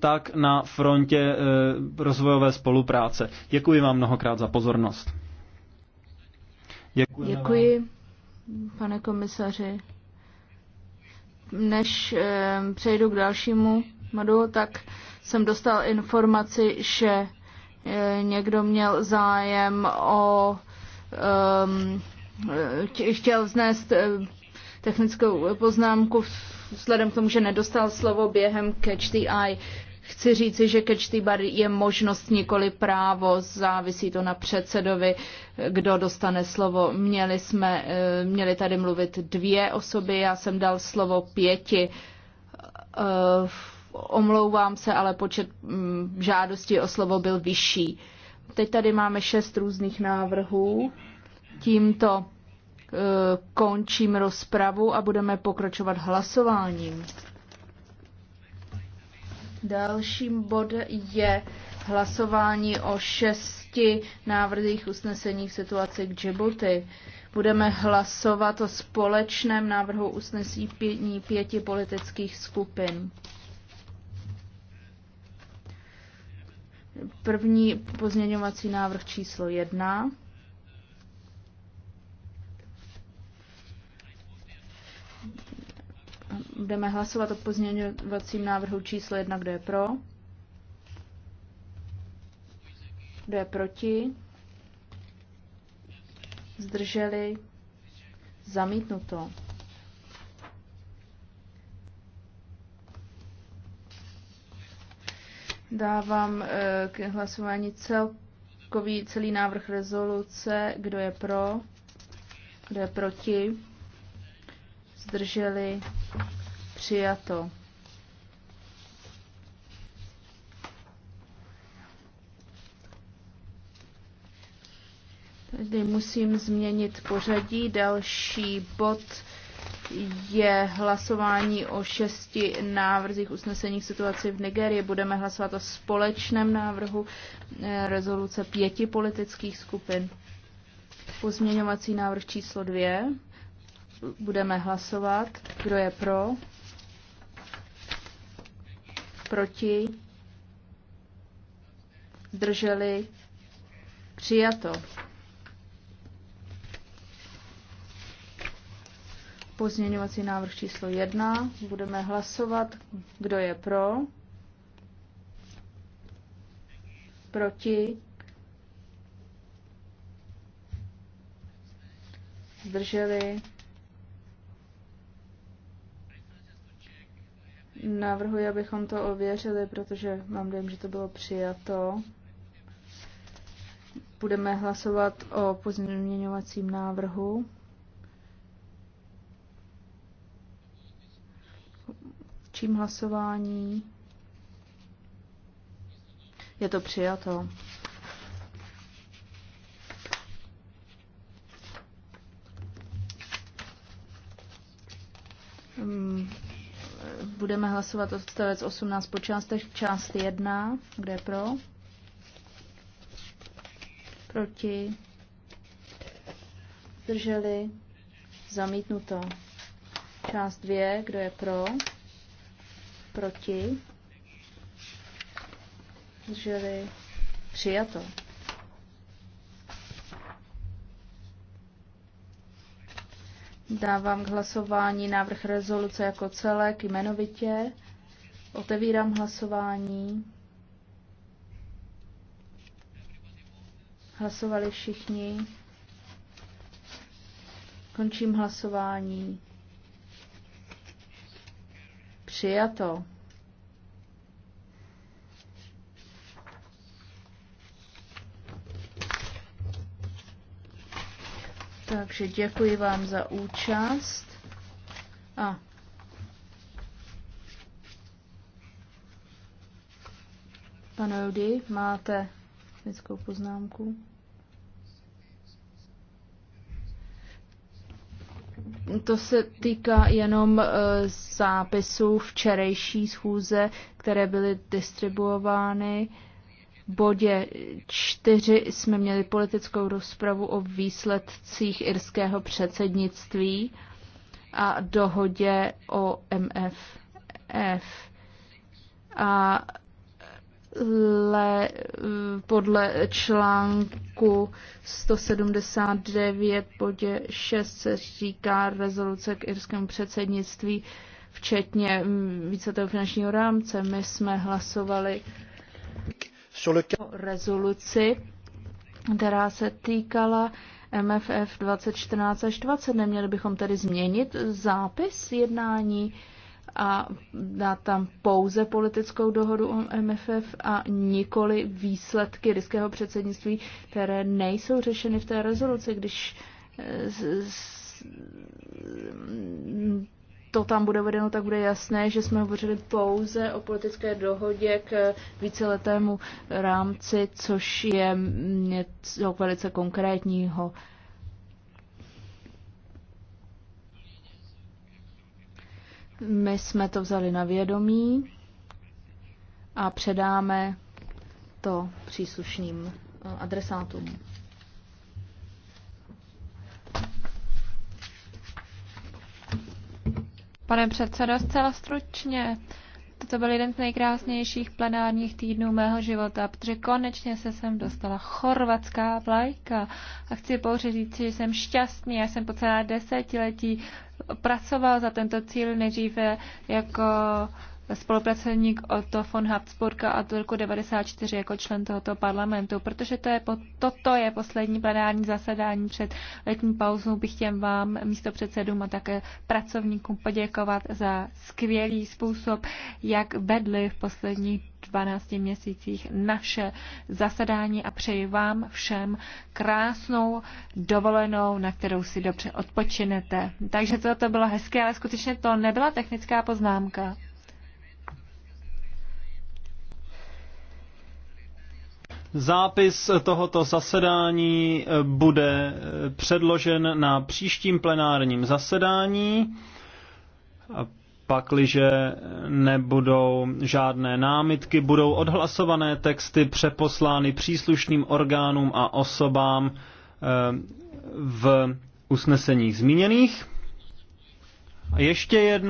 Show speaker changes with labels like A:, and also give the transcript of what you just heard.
A: tak na frontě eh, rozvojové spolupráce. Děkuji vám mnohokrát za pozornost. Děkujeme Děkuji, vám. pane komisaři. Než eh, přejdu k dalšímu modu, tak jsem dostal informaci, že eh, někdo měl zájem o ehm, chtěl vznést technickou poznámku vzhledem k tomu, že nedostal slovo během Catch the Eye. Chci říci, že kečtýbar je možnost, nikoli právo, závisí to na předsedovi, kdo dostane slovo. Měli jsme, eh, měli tady mluvit dvě osoby, já jsem dal slovo pěti. Eh, omlouvám se, ale počet mm, žádostí o slovo byl vyšší. Teď tady máme šest různých návrhů. Tímto eh, končím rozpravu a budeme pokračovat hlasováním. Dalším bodem je hlasování o šesti návrzích usnesení v situaci k Džibuti. Budeme hlasovat o společném návrhu usnesení pěti politických skupin. První pozměňovací návrh číslo jedna. Budeme hlasovat o pozměňovacím návrhu číslo 1, kdo je pro. Kdo je proti? Zdrželi? Zamítnuto. Dávám eh, k hlasování celkový, celý návrh rezoluce. Kdo je pro? Kdo je proti? Zdrželi? Přijato. Tady musím změnit pořadí. Další bod je hlasování o šesti návrzích usnesení situaci v Nigerii. Budeme hlasovat o společném návrhu eh, rezoluce pěti politických skupin. Pozměňovací návrh číslo dvě. Budeme hlasovat. Kdo je pro? proti, zdrželi, přijato. Pozměňovací návrh číslo 1. Budeme hlasovat, kdo je pro, proti, zdrželi, Navrhuji, abychom to ověřili, protože mám dojem, že to bylo přijato. Budeme hlasovat o pozměňovacím návrhu. Čím hlasování? Je to přijato. budeme hlasovat odstavec 18 po částech. Část 1, kde je pro? Proti? Drželi? Zamítnuto. Část 2, kdo je pro? Proti? Drželi? Přijato. Dávám k hlasování návrh rezoluce jako celek jmenovitě. Otevírám hlasování. Hlasovali všichni. Končím hlasování. Přijato. Takže děkuji vám za účast. A Pane Rudy, máte lidskou poznámku? To se týká jenom e, zápisů včerejší schůze, které byly distribuovány bodě čtyři jsme měli politickou rozpravu o výsledcích irského předsednictví a dohodě o MFF. A le, podle článku 179 bodě 6 se říká rezoluce k irskému předsednictví, včetně toho finančního rámce. My jsme hlasovali rezoluci, která se týkala MFF 2014 až 20. Neměli bychom tedy změnit zápis jednání a dát tam pouze politickou dohodu o MFF a nikoli výsledky ryského předsednictví, které nejsou řešeny v té rezoluci, když eh, to tam bude vedeno, tak bude jasné, že jsme hovořili pouze o politické dohodě k víceletému rámci, což je něco velice konkrétního. My jsme to vzali na vědomí a předáme to příslušným adresátům.
B: Pane předsedo, zcela stručně. Toto byl jeden z nejkrásnějších plenárních týdnů mého života, protože konečně se sem dostala chorvatská vlajka. A chci pouze říct, že jsem šťastný. Já jsem po celé desetiletí pracoval za tento cíl nejdříve jako spolupracovník Otto von Habsburka od roku 1994 jako člen tohoto parlamentu. Protože to je, toto je poslední plenární zasedání před letní pauzou, bych chtěl vám, místo předsedům a také pracovníkům poděkovat za skvělý způsob, jak vedli v posledních 12 měsících naše zasedání a přeji vám všem krásnou dovolenou, na kterou si dobře odpočinete. Takže to, to bylo hezké, ale skutečně to nebyla technická poznámka.
A: Zápis tohoto zasedání eh, bude eh, předložen na příštím plenárním zasedání. pakliže nebudou žádné námitky, budou odhlasované texty přeposlány příslušným orgánům a osobám eh, v usneseních zmíněných. A ještě jedna